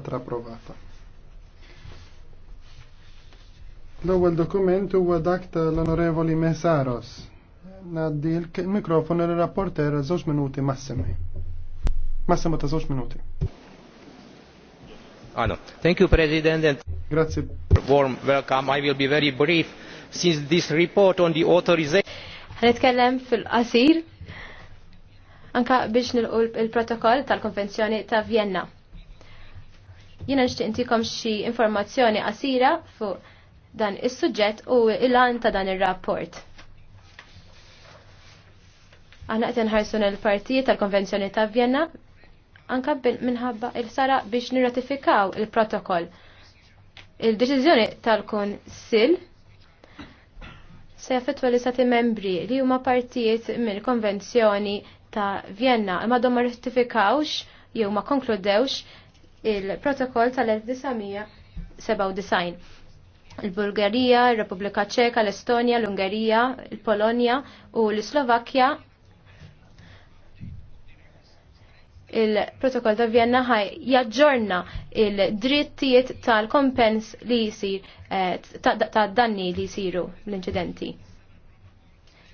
atra approvata. L-ewwel dokument huwa dak tal-Onorevoli Mesaros. Naddi l-mikrofonu l-rapporter żewġ minuti massimi. Massimo ta' żewġ minuti. Anna. Ah, Thank you, President. And Grazie. Warm welcome. I will be very brief since this report on the authorization. Ħanitkellem fil-qasir anka biex nilqu il-protokoll tal-Konvenzjoni ta' Vienna. Jiena nixtieq intikom xi informazzjoni qasira fuq dan is-suġġett u il-għan ta' dan ir-rapport. Aħna qed inħarsu l-partijiet tal-Konvenzjoni ta' Vienna anka minħabba il-sara biex nirratifikaw il-protokoll. Il-deċiżjoni tal-Kunsill se jaffettwa li stati membri li huma partijiet mill-Konvenzjoni ta' Vienna imma dom ma rratifikawx jew ma konkludewx il-protokoll tal-1997. Il-Bulgarija, il-Repubblika Ċeka, l-Estonja, l-Ungerija, il-Polonja u l-Slovakkja il-protokoll ta' Vienna ħaj jaġġorna il-drittijiet tal-kompens li jisir eh, ta' danni li jisiru l-inċidenti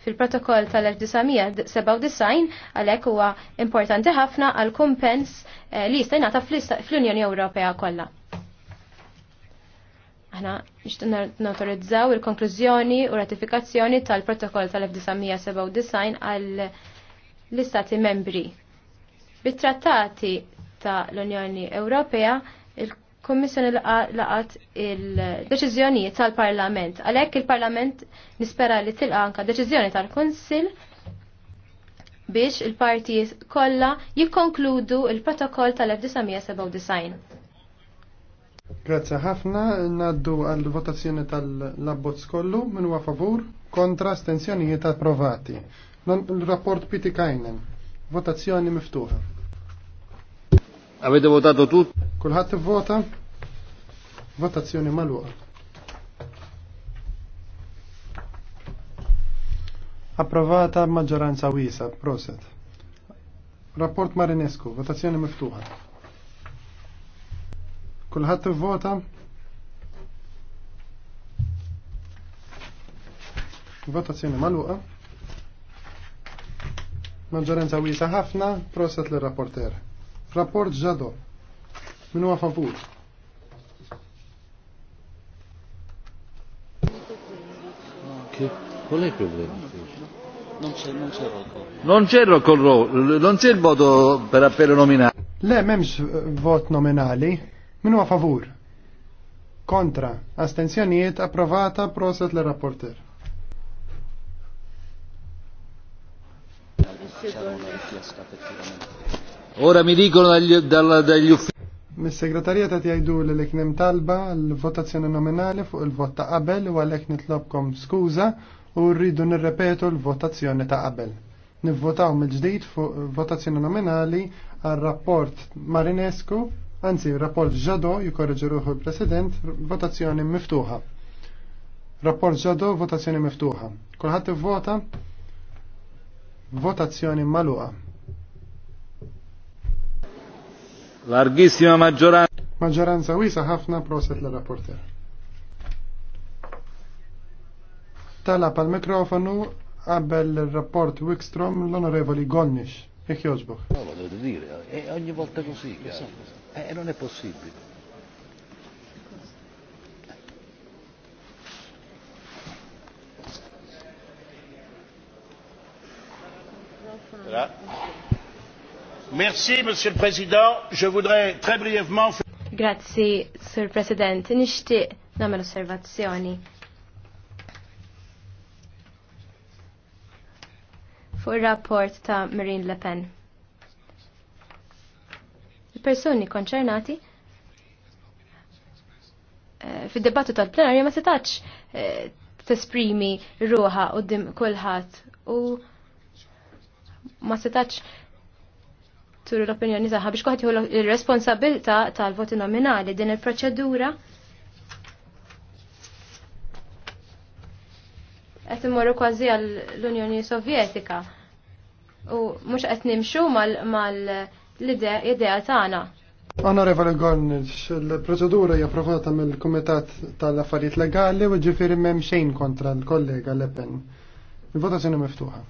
fil-protokoll tal-1997 għalhekk huwa importanti ħafna għal kumpens eh, li jista' jingħata fl-Unjoni Ewropea kollha. Aħna notorizzaw il-konklużjoni u ratifikazzjoni tal-protokoll tal-1997 għal l-istati membri. Bit-trattati ta' l-Unjoni Ewropea il kommissjoni laqat il-deċiżjonijiet tal-Parlament. Għalhekk il-Parlament nispera li tilqa anka deċiżjoni tal-Kunsill biex il-partijiet kollha jikkonkludu il-protokoll tal-1997. Grazzi ħafna, naddu għal votazzjoni tal labbozz kollu minn huwa favur kontra stenzjonijiet approvati. Il-rapport Piti Kajnen, votazzjoni miftuħa. Avete votato tutti? Kulħadd vota? Votazzjoni maluqa. Approvata maġġoranza wisa, proset. Rapport Marinescu, votazzjoni miftuħa. Kulħadd vota. Votazzjoni maluqa. Maġġoranza wisa ħafna, proset l-rapporter. Rapport ġado. Minu għafavur. qual è il problema? Non c'è, il c'è Non roll non c'è il voto per appello nominale. Le, memx eh, vot nominali. Meno a favor. Contra. Astensioniet. approvata proset le rapporter. Ora mi dicono dagli, dagli uffici. Mis-segretarija ta' tijajdu li li knem talba l-votazzjoni nominali fuq il-vot ta' qabel u għalek nitlobkom skuza u rridu nirrepetu l-votazzjoni ta' qabel. Nivvotaw mill-ġdid fuq votazzjoni nominali għal rapport Marinescu, anzi rapport ġado jikorreġi ruħu il-President, votazzjoni miftuħa. Rapport ġado, votazzjoni miftuħa. Kulħadd ivvota, votazzjoni maluqa. Larghissima maggioranza. Maggioranza wisa Hafna proset la rapporter Tala pal mikrofonu qabel il-rapport Wikstrom l-onorevoli Golnish. Jek joġbuħ. No, lo devo dire, è eh, ogni volta così, e eh, non è possibile. Grazie. Merci, Monsieur le Président. Je voudrais très brièvement... Grazzi, Sir President. Nishti namel osservazzjoni. Fu il-rapport ta' Marine Le Pen. Il-personi konċernati eh, fid-debattu tal-plenarja ma setax eh, tesprimi ruħa u dim kulħadd u ma setax turu l-opinjoni tagħha biex kuħat jħu l-responsabilta tal-voti nominali din il-proċedura. Qed immorru kważi għall-Unjoni Sovjetika u mhux qed nimxu mal-idea tagħna. Onorevoli Gornic, il-proċedura hija approvata mill-Kumitat tal-Affarijiet Legali u ġifieri m'hemm xejn kontra l-kollega Le Pen. Il-votazzjoni miftuħa.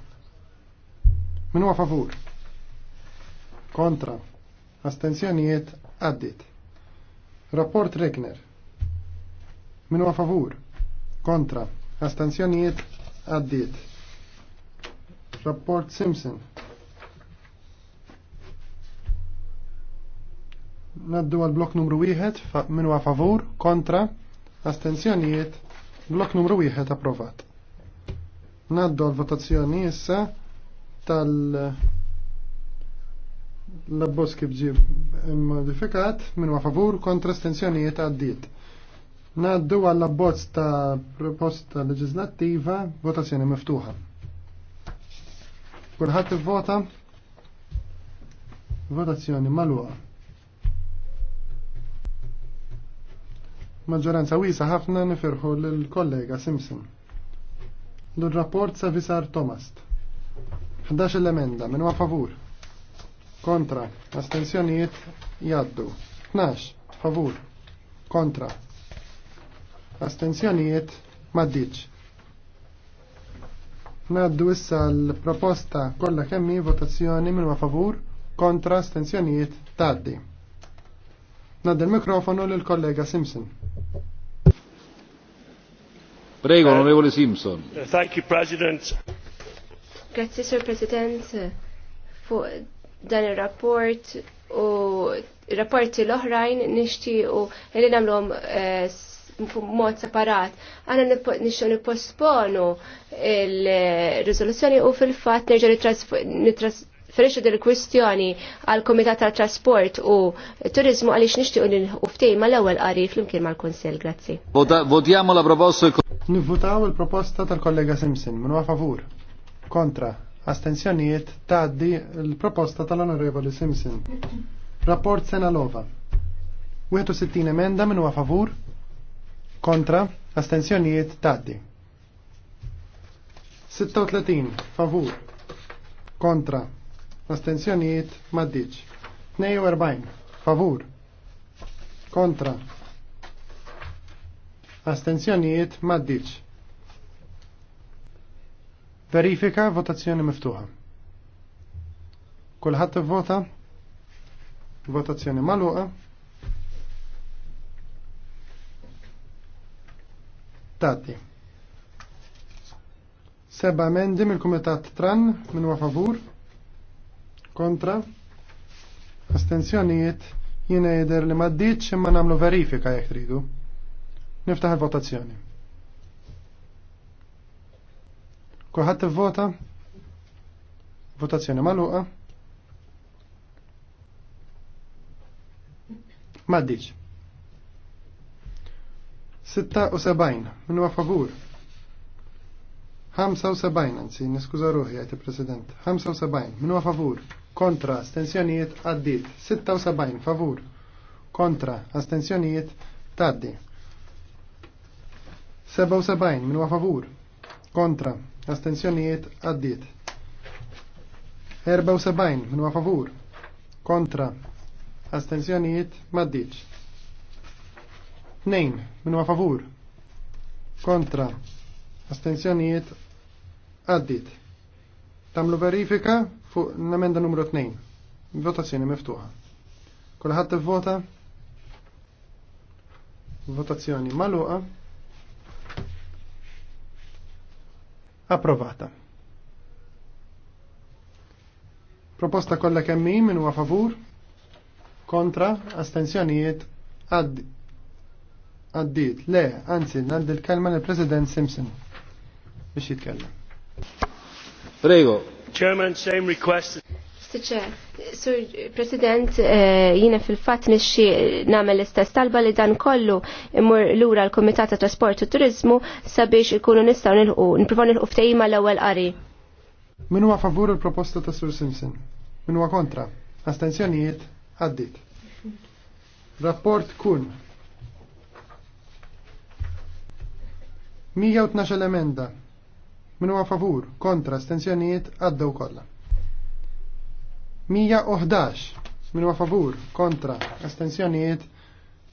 Min huwa favur? kontra, astenzjonijiet għaddit. Rapport Regner, minu a favur, kontra, astenzjonijiet għaddit. Rapport Simpson, Naddu għal blok numru 1, minu a favur, kontra, astenzjonijiet, blok numru 1 approvat. Naddu għal votazzjoni issa tal- l-abbos kif ġi modifikat minn ma favur kontra stenzjonijiet għaddit. Naddu għall abbozz ta' proposta leġislattiva votazzjoni miftuħa. Kulħadd ivvota votazzjoni magħluqa. Maġġoranza wisa ħafna nifirħu lill-kollega Simpson. L-rapport sa' Visar Tomast. 11 l-emenda, minn ma favur kontra, astensjonijiet jaddu. 12, favur, kontra, astensjonijiet maddiċ. Naddu issa l-proposta kollha kemmi votazzjoni minn favur kontra astensjonijiet taddi. Naddu l-mikrofonu l kollega Simpson. Prego, onorevole Simpson. Thank you, President. Grazie, Sir President. For dan ir-rapport u rapporti l-oħrajn nixtiequ li nagħmluhom eh, mod separat. Għana nixxu nipposponu il-rizoluzzjoni u fil-fat nerġa nitrasferixu dil kwistjoni għal Komitat tal Trasport u Turizmu għaliex nixtiequ l ftejn mal-ewwel qari flimkien mal-Kunsell. Grazzi. Votiamo la proposta. Nivvutaw il-proposta tal-kollega Simpson. Minu favur. Kontra. Astenzjonijiet taddi l-proposta tal-Onorevoli Simpson. Rapport Senalova. 61 emenda minu huwa favur, kontra, astenzjonijiet taddi. 36 favur, kontra, astenzjonijiet maddiċ. 42 favur, kontra, astenzjonijiet maddiċ. Verifika votazzjoni miftuħa. Kulħadd vota Votazzjoni magħluqa. Tati. Seba emendi mill-Kumitat Tran minn favur. Kontra. Astenzjonijiet jiena jidher li ma ddiċ imma nagħmlu verifika jekk tridu. Niftaħ il-votazzjoni. Kulħadd ivvota? Votazzjoni magħluqa. Maddiċ. 76 minn huwa favur. 75 anzi, niskuża ruħi għajt il-President. 75 minn huwa favur. Kontra astensjonijiet għaddit. 76 favur. Kontra astensjonijiet taddi. 77 minn huwa favur. Kontra Astenzjonijiet għaddit. 74 minwa favur. Kontra. Astenzjonijiet maddiċ. 2 minwa favur. Kontra. Astenzjonijiet għaddit. Tamlu verifika fuq l-emenda numru 2. Votazzjoni miftuħa. Kulħadd ivvota? Votazzjoni maluqa. Approvata. Proposta kollha kemm minu min huwa favur? Kontra, astensjonijiet, addi. Għaddit, le, anzi, għaddi l-kelma l-President Simpson biex jitkellem. Prego. Chairman, same request. Siċe, Sur President, eh, jina fil-fat nixxi namel l-istess talba li dan kollu imur l-ura l-Komitat ta' Trasport u Turizmu sabiex ikunu nistaw nilħu, niprofaw nilħu ftejima l-ewel qari. Min huwa favur il-proposta ta' Sur Simpson? Min huwa kontra? Astenzjonijiet? Għaddit. Rapport kun. 112 emenda. Min huwa favur, kontra, astenzjonijiet, għaddew kollha. 111 minu favur kontra astensjoniet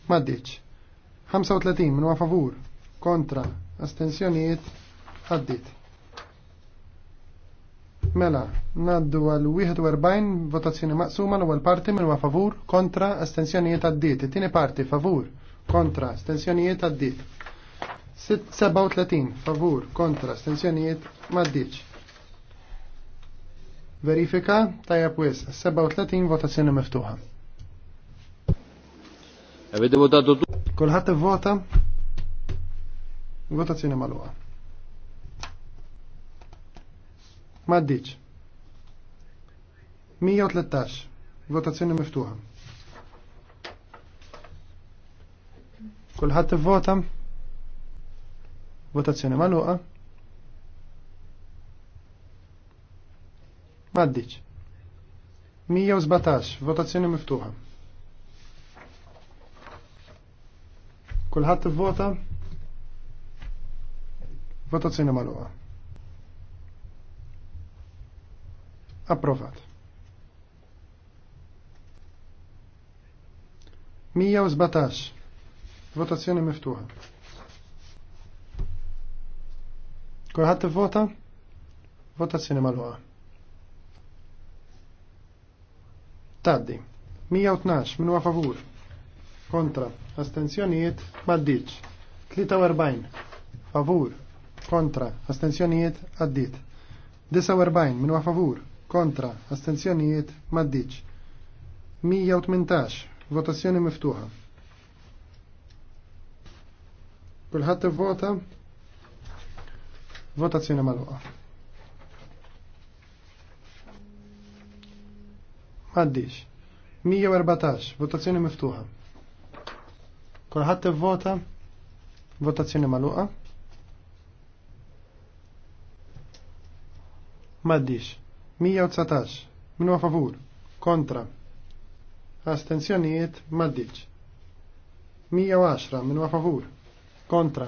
maddiċ 35 minu favur kontra astensjonijiet għaddit Mela, naddu għal 41 votazzjoni maqsuma l-ewwel parti minn favur kontra astensjonijiet għaddit. It-tieni parti favur kontra astensjonijiet għaddit. 37 favur kontra astensjonijiet maddiċ. Verifika tajab wis 37 votazzjoni miftuħa. Avete votato tu? Kulħadd vota? Votazzjoni maluħa. Maddiċ. 113. Votazzjoni miftuħa. Kulħadd vota? Votazzjoni maluħa. Maddiċ. 117, votazzjoni miftuħa. Kulħadd vota. Votazzjoni magħluqa. Approvat. 117. Votazzjoni miftuħa. Kulħadd Vota Votazzjoni magħluqa. Taddi. 112 minu favur. Kontra. Astenzjoniet. maddiċ. 43 favur. Kontra. Astenzjoniet. addit. 49 minu favur. Kontra. Astenzjonijiet maddiċ. 118 votazzjoni miftuħa. Kulħadd vota votazzjoni maluqa. Maddix. 114, votazzjoni miftuħa. Kolħat vota votazzjoni maluqa. Maddix. 119, minu favur, kontra. Astenzjonijiet, maddiċ. 110, minu favur, kontra.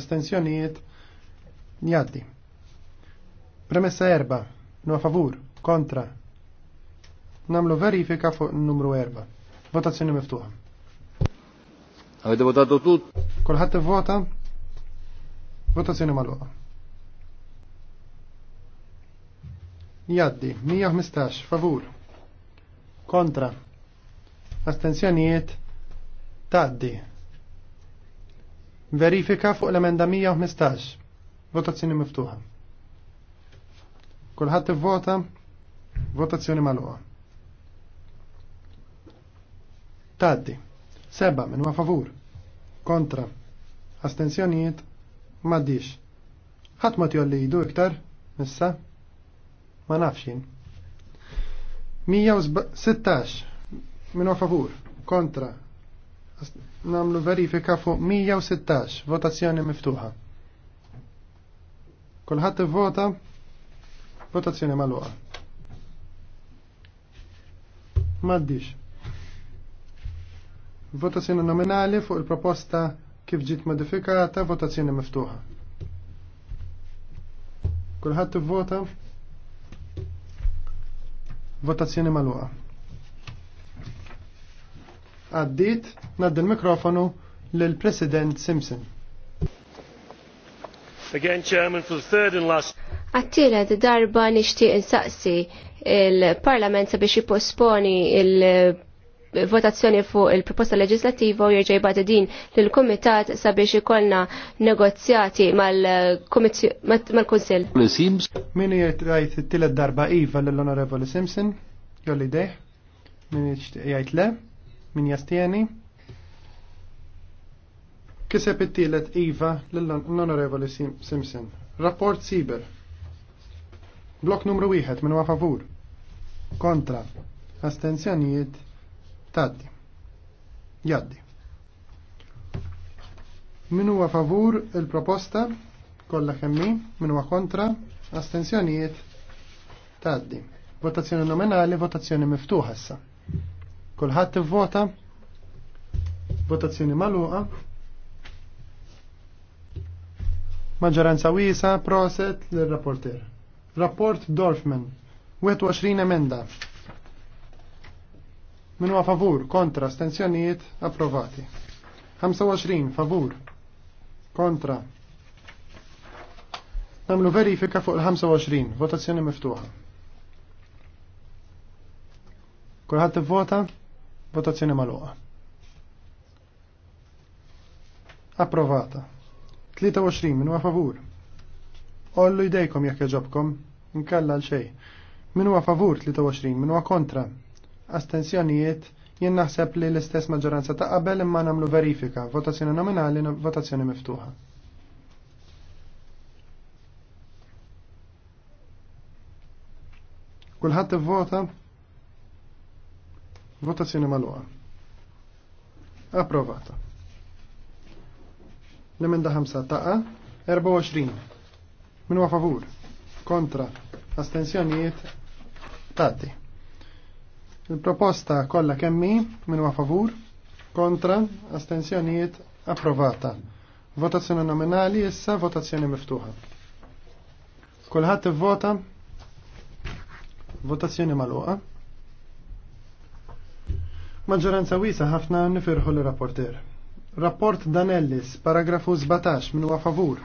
Astenzjonijiet, Njaddi. Premessa erba'. Minu favur, kontra, namlu verifika fuq numru 4. Votazzjoni miftuħa. Avete votato tut? Kolħat vota? Votazzjoni maluqa. Jaddi, 115, favur. Kontra. Astenzjonijiet. Taddi. Verifika fuq l-emenda 115. Votazzjoni miftuħa. Kolħat vota? Votazzjoni maluqa. Taddi. Seba minn ma favur. Kontra. Astenzjonijiet. Maddix. Ħadd ma tjolli jidu iktar? Issa? Ma nafxin. 116 minn favur. Kontra. Namlu verifika fuq 116 votazzjoni miftuħa. Kulħadd ivvota votazzjoni maluqa. Maddix. Votazzjoni nominali fuq il-proposta kif ġiet modifikata, votazzjoni miftuħa. Kulħadd ivvota. Votazzjoni magħluqa. Għaddit, naddi l-mikrofonu lill president Simpson. Again, Chairman, for the third and last. Għattilet darba nixtieq insaqsi il-Parlament sabiex jipposponi il votazzjoni fuq il-proposta leġislattiva u jirġej bada din l-Komitat sabiex ikollna negozjati mal konsil Min jgħajt t-tilet darba Iva l honorable Simpson, jolli deħ, min jgħajt le, min jastieni. Kiseb it-tielet Iva l-Onorevoli Simpson. Rapport Siber. Blok numru 1 minn favur. Kontra. Astenzjonijiet Taddi. Jaddi. Min huwa favur il-proposta kollha kemmi, min huwa kontra, astensjonijiet, taddi. Votazzjoni nominali, votazzjoni miftuħa issa. Kulħadd ivvota, votazzjoni magħluqa. Maġġoranza wiesa, proset l rapporter Rapport Dorfman, 21 emenda. Minu a favur, kontra, stenzjonijiet, approvati. 25, favur, kontra. Namlu verifika fuq il-25, votazzjoni miftuħa. Kulħadd vota, votazzjoni maluqa. Approvata. 23 minu a favur. Ollu jdejkom jekk jaġobkom, nkella l-xej. Minu a favur 23, minu a kontra, astensjonijiet jien naħseb li l-istess maġġoranza ta' qabel imma nagħmlu verifika, votazzjoni nominali, votazzjoni miftuħa. Kulħadd ivvota votazzjoni magħluqa. Approvata. L-emenda 5 taqa 24. Min huwa favur? Kontra. Astensjonijiet tati. Il-proposta kollha kemmi minn huwa favur, kontra, astenzjonijiet approvata. Votazzjoni nominali issa votazzjoni miftuħa. Kulħadd ivvota votazzjoni magħluqa. Maġġoranza wiesa ħafna nifirħu l-rapporter. Rapport Danellis, paragrafu 17 minn huwa favur.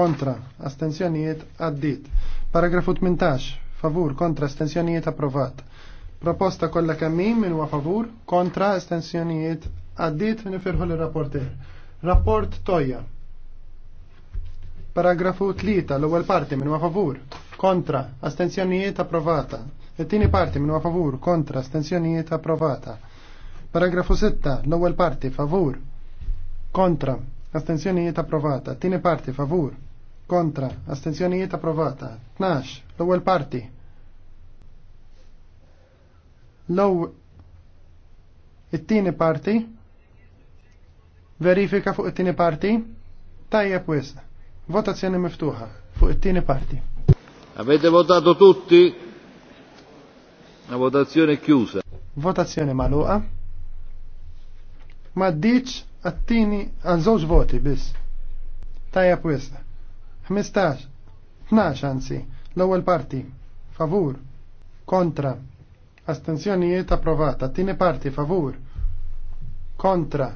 Kontra, astenzjonijiet għaddit. Paragrafu 18, favur, kontra, astenzjonijiet approvat. Proposta kollha kemm min huwa favur, kontra estensjonijiet għaddiet nifirħu l-rapporter. Rapport Toja. Paragrafu 3 l-ewwel parti minn huwa favur, kontra astensjonijiet approvata. It-tieni parti minn huwa favur, kontra astensjonijiet approvata. Paragrafu 6 l-ewwel parti favur, kontra astensjonijiet approvata. Tieni parti favur, kontra astensjonijiet approvata. 12 l-ewwel parti Low it-tieni parti verifika fuq it-tieni parti tajjeb wis. Votazzjoni miftuħa fuq it-tieni parti. Avete votato tutti? La votazione chiusa. Votazzjoni maluqa. Ma ddiċ għattini għal żewġ voti biss. Tajja wis. 15, 12 anzi, l-ewwel parti. Favur, kontra, astenzjonijiet approvata. Tini parti favur kontra.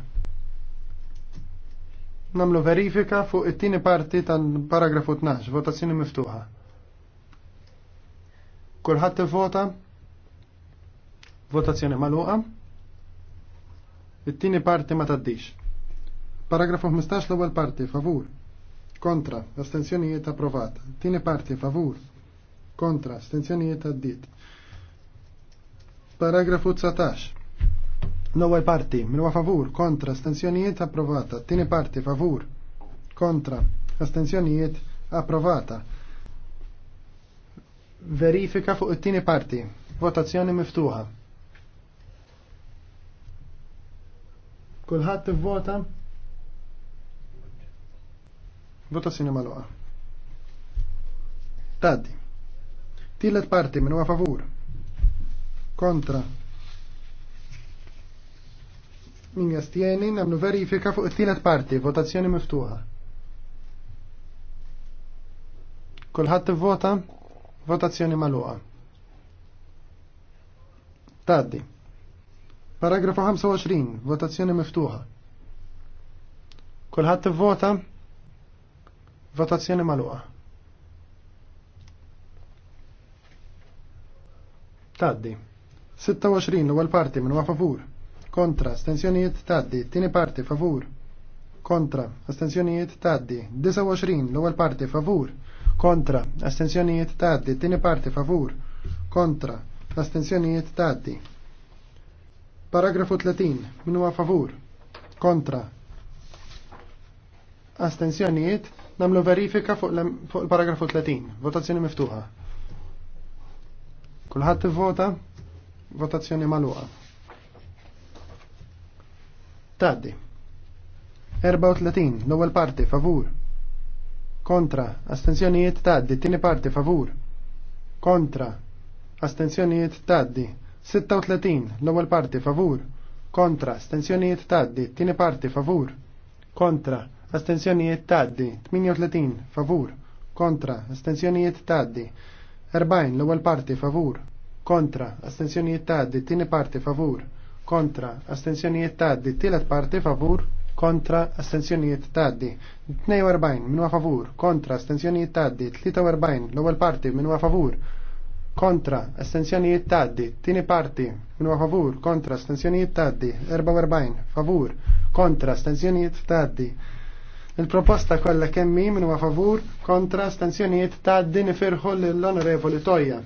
Namlu verifika fuq it-tini parti tal-paragrafu 12, votazzjoni miftuħa. Kulħadd vota votazzjoni maluqa. It-tieni parti ma taddix. Paragrafu 15 l-ewwel parti favur. Kontra, astenzjonijiet approvata. Tieni parti favur. Kontra, astenzjonijiet għaddit. Paragrafu 19. l parti minwa favur kontra astensjonijiet approvata. Tieni parti favur kontra astensjonijiet approvata. Verifika fuq it-tieni parti. Votazzjoni miftuħa. Kulħadd ivvota. Votazzjoni maluqa. Taddi. Tillet parti minwa favur kontra. Min jastieni namlu verifika fuq it-tielet parti, votazzjoni miftuħa. Kulħadd vota votazzjoni magħluqa. Taddi. Paragrafu 25, votazzjoni miftuħa. Kulħadd vota votazzjoni magħluqa. Taddi. 26 l-ewwel parti minn favur. Kontra, astensjonijiet taddi. Tieni parti favur. Kontra, astensjonijiet taddi. 29 l-ewwel parti favur. Kontra, astensjonijiet taddi. Tieni parti favur. Kontra, astensjonijiet taddi. Paragrafu 30 min huwa favur. Kontra. Astensjonijiet namlu verifika fuq il-paragrafu 30. Votazzjoni miftuħa. Kulħadd ivvota? Votazzjoni maluqa. Taddi. 34, l-ewwel parti, favur. Kontra, astenzjonijiet taddi, tieni parti, favur. Kontra, astenzjonijiet taddi. 36, l-ewwel parti, favur. Kontra, astenzjonijiet taddi, tieni parti, favur. Kontra, astenzjonijiet taddi. 38, favur. Kontra, astenzjonijiet taddi. 40, l-ewwel parti, favur kontra, astenzjonijiet taddi, tieni parti favur, kontra, astenzjonijiet taddi, tielet parti favur, kontra, astenzjonijiet taddi, 42 minua favur, kontra, astenzjonijiet taddi, 43 l-ewwel parti minwa favur, kontra, astenzjonijiet taddi, Tieni parti minwa favur, kontra, astenzjonijiet taddi, 44 favur, kontra, astenzjonijiet taddi, Il-proposta kollha kemm min huwa favur kontra stanzjonijiet ta' din lill-Onorevoli Tojja.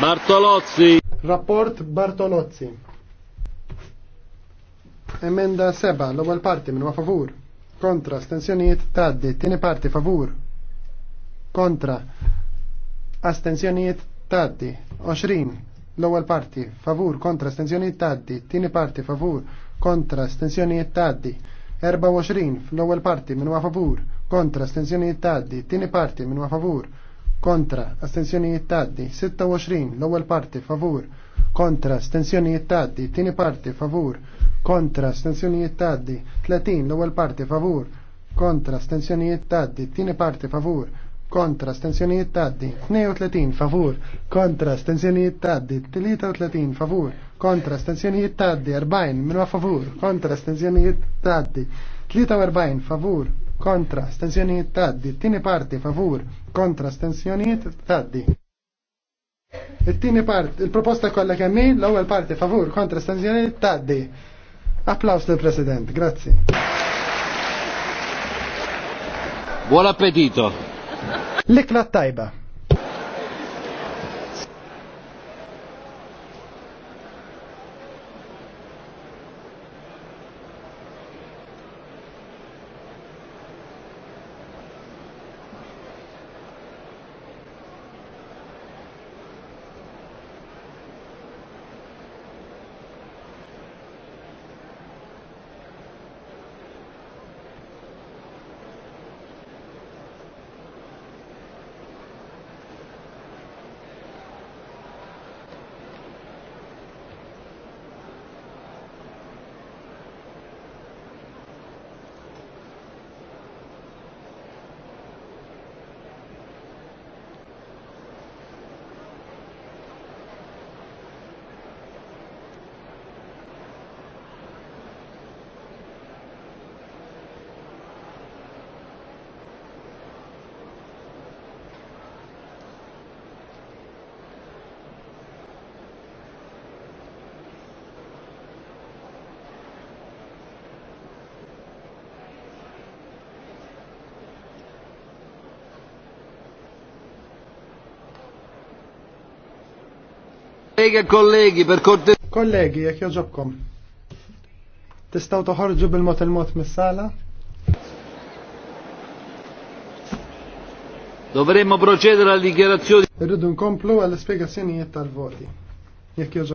Bartolozzi. Rapport Bartolozzi. Emenda seba' l-ewwel parti minn favur. Kontra astensjonijiet taddi, tieni parti favur. Kontra astensjonijiet taddi, 20 l-ewwel parti favur kontra astensjonijiet taddi, tieni parti favur kontra astensjonijiet taddi. 24 fl-ewwel parti minn favur kontra astensjonijiet taddi, tieni parti minn favur kontra, astensjonijiet jittaddi, 26 l-ewwel parti favur, kontra, astensjonijiet jittaddi, tini parti favur, kontra, astensjonijiet jittaddi, 30 l-ewwel parti favur, kontra, astensjonijiet jittaddi, tini parti favur, kontra, astensjonijiet jittaddi, 32 favur, kontra, astensjonijiet jittaddi, 33 favur, kontra, astensjonijiet jittaddi, 40 minwa favur, kontra, astensjonijiet jittaddi, 43 favur, kontra stensjoniet taddi, tini parti favur kontra stensjoniet taddi. Il-tini part, il-proposta kolla kemmi, l-ewwel parti favur kontra stensjoniet taddi. Applaus del president grazzi. Buon appetito. l tajba. Kollegi, kollegi, per korte. Kollegi, jek joġobkom. Tistaw toħorġu bil-mot il-mot mis-sala? Dovremmo procedere alla dichiarazione. Irridu nkomplu għall-spiegazzjonijiet tal-voti. Jekk